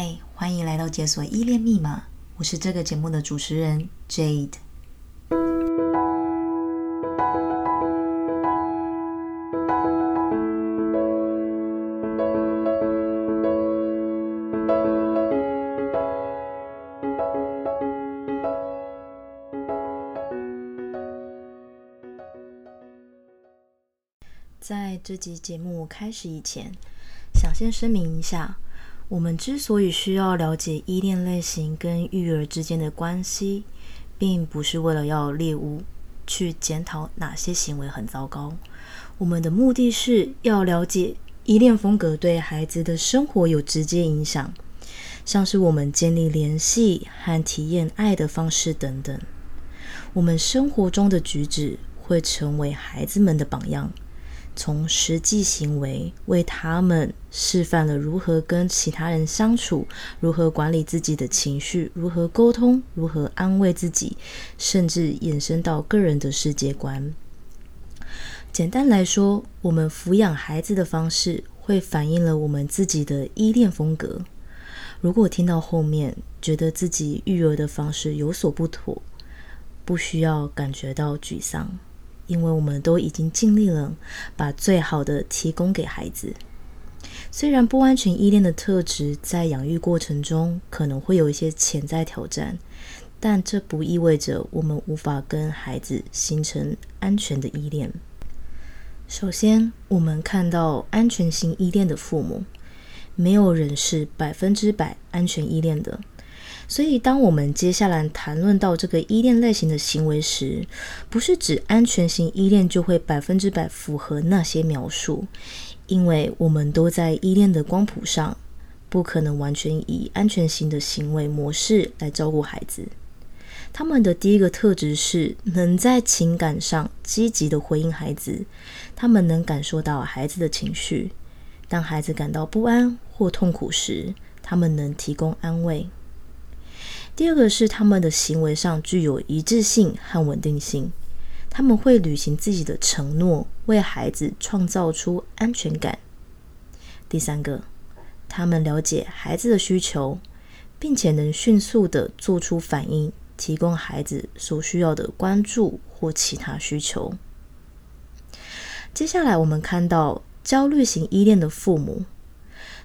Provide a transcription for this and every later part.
嗨，歡迎來到《解鎖依戀密碼》，我是這個節目的主持人 Jade。在這集節目開始以前，想先聲明一下。我們之所以需要了解依戀類型跟育兒之間的關係，並不是為了要獵巫去檢討哪些行為很糟糕。我們的目的是要了解依戀風格對孩子的生活有直接影響，像是我們建立聯繫和體驗愛的方式等等。我們生活中的舉止會成為孩子們的榜樣。從實際行為為他們示範了如何跟其他人相處，如何管理自己的情緒，如何溝通，如何安慰自己，甚至延伸到個人的世界觀。簡單來說，我們撫養孩子的方式會反映了我們自己的依戀風格。如果聽到後面覺得自己育兒的方式有所不妥，不需要感覺到沮喪。因為我們都已經盡力了，把最好的提供給孩子。雖然不安全依戀的特質在養育過程中可能會有一些潛在挑戰，但這不意味着我們無法跟孩子形成安全的依戀。首先，我們看到安全型依戀的父母，沒有人是百分之百安全依戀的。所以，當我們接下來談論到這個依戀類型的行為時，不是指安全型依戀就會百分之百符合那些描述，因為我們都在依戀的光譜上，不可能完全以安全型的行為模式來照顧孩子。他們的第一個特質是能在情感上積極地回應孩子，他們能感受到孩子的情緒，當孩子感到不安或痛苦時，他們能提供安慰。第二個是他們的行為上具有一致性和穩定性，他們會履行自己的承諾，為孩子創造出安全感。第三個，他們了解孩子的需求，並且能迅速的做出反應，提供孩子所需要的關注或其他需求。接下來我們看到焦慮型依戀的父母。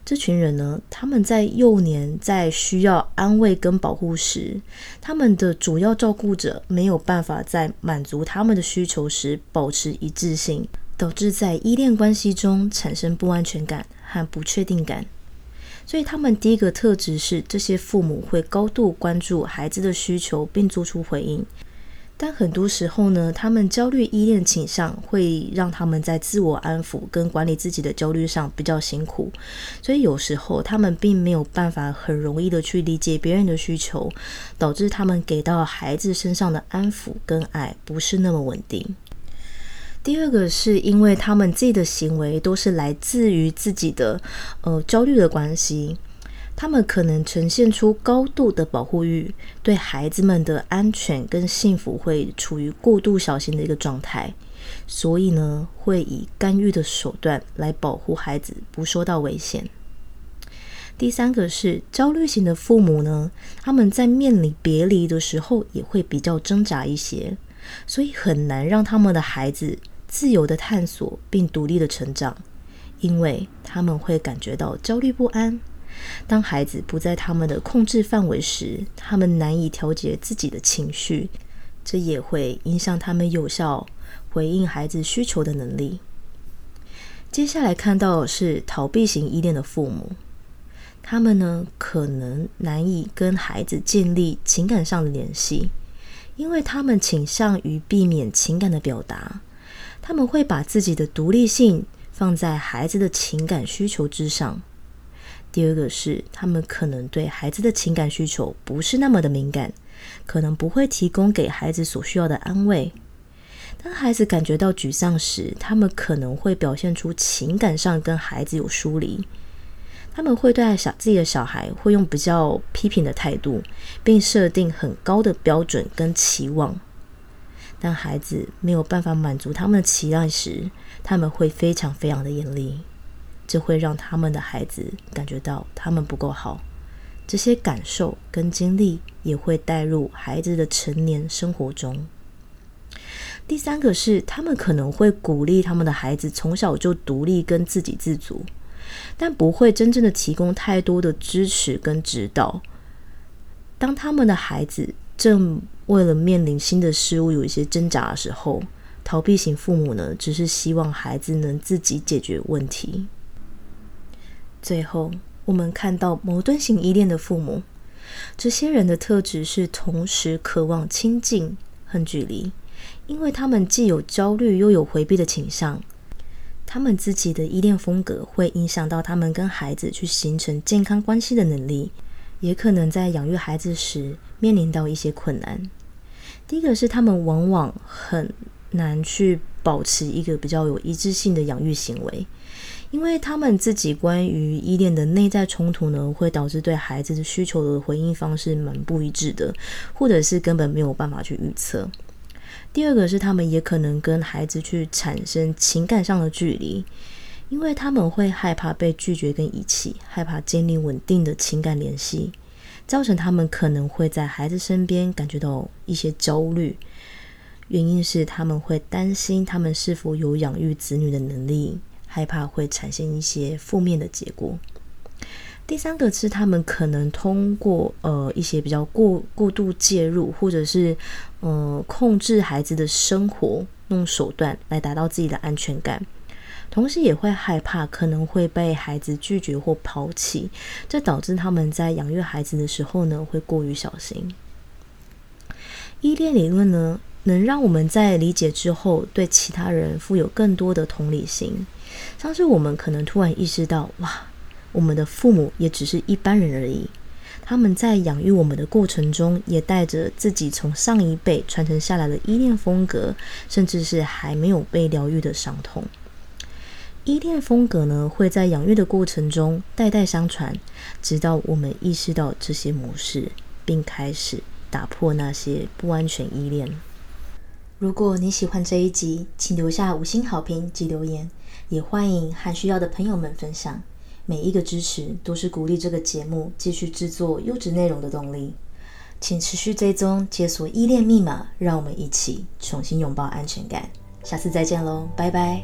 這群人呢，他們在幼年在需要安慰跟保護時，他們的主要照顧者沒有辦法在滿足他們的需求時保持一致性，導致在依戀關係中產生不安全感和不確定感。所以他們第一個特質是，這些父母會高度關注孩子的需求並做出回應。但很多時候呢，他們焦慮依戀傾向會讓他們在自我安撫跟管理自己的焦慮上比較辛苦，所以有時候他們並沒有辦法很容易的去理解別人的需求，導致他們給到孩子身上的安撫跟愛不是那麼穩定。第二個是因為他們自己的行為都是來自於自己的呃焦慮的關係。他們可能呈現出高度的保護慾，對孩子們的安全跟幸福會處於過度小心的一個狀態，所以呢，會以干預的手段來保護孩子不受到危險。第三個是焦慮型的父母呢，他們在面臨別離的時候也會比較掙扎一些，所以很難讓他們的孩子自由地探索並獨立地成長，因為他們會感覺到焦慮不安。當孩子不在他們的控制範圍時，他們難以調節自己的情緒，這也會影響他們有效回應孩子需求的能力。接下來看到的是逃避型依戀的父母，他們呢可能難以跟孩子建立情感上的聯繫，因為他們傾向於避免情感的表達，他們會把自己的獨立性放在孩子的情感需求之上。第二個是，他們可能對孩子的情感需求不是那麼的敏感，可能不會提供給孩子所需要的安慰。當孩子感覺到沮喪時，他們可能會表現出情感上跟孩子有疏離。他們會對小自己的小孩會用比較批評的態度，並設定很高的標準跟期望。當孩子沒有辦法滿足他們的期待時，他們會非常非常的嚴厲。這會讓他們的孩子感覺到他們不夠好，這些感受跟經歷也會帶入孩子的成年生活中。第三個是，他們可能會鼓勵他們的孩子從小就獨立跟自給自足，但不會真正的提供太多的支持跟指導。當他們的孩子正為了面臨新的事物有一些掙扎的時候，逃避型父母呢，只是希望孩子能自己解決問題。最後，我們看到矛盾型依戀的父母，這些人的特質是同時渴望親近和距離，因為他們既有焦慮又有回避的傾向。他們自己的依戀風格會影響到他們跟孩子去形成健康關係的能力，也可能在養育孩子時面臨到一些困難。第一個是，他們往往很難去保持一個比較有一致性的養育行為。因為他們自己關於依戀的內在衝突呢，會導致對孩子的需求的回應方式蠻不一致的，或者是根本沒有辦法去預測。第二個是，他們也可能跟孩子去產生情感上的距離，因為他們會害怕被拒絕跟遺棄，害怕建立穩定的情感聯繫，造成他們可能會在孩子身邊感覺到一些焦慮。原因是他們會擔心他們是否有養育子女的能力。害怕會產生一些負面的結果。第三個是，他們可能通過呃一些比較過過度介入，或者是呃控制孩子的生活弄手段，來達到自己的安全感。同時，也會害怕可能會被孩子拒絕或拋棄，這導致他們在養育孩子的時候呢，會過於小心。依戀理論呢，能讓我們在理解之後，對其他人富有更多的同理心。像是我們可能突然意識到，哇，我們的父母也只是一般人而已。他們在養育我們的過程中，也帶着自己從上一輩傳承下來的依戀風格，甚至是還沒有被療癒的傷痛。依戀風格呢，會在養育的過程中代代相傳，直到我們意識到這些模式，並開始打破那些不安全依戀。如果你喜歡這一集，請留下五星好評及留言，也歡迎和需要的朋友們分享。每一個支持都是鼓勵這個節目繼續制作優質內容的動力。請持續追蹤，解鎖依戀密碼，讓我們一起重新擁抱安全感。下次再見嘍，拜拜。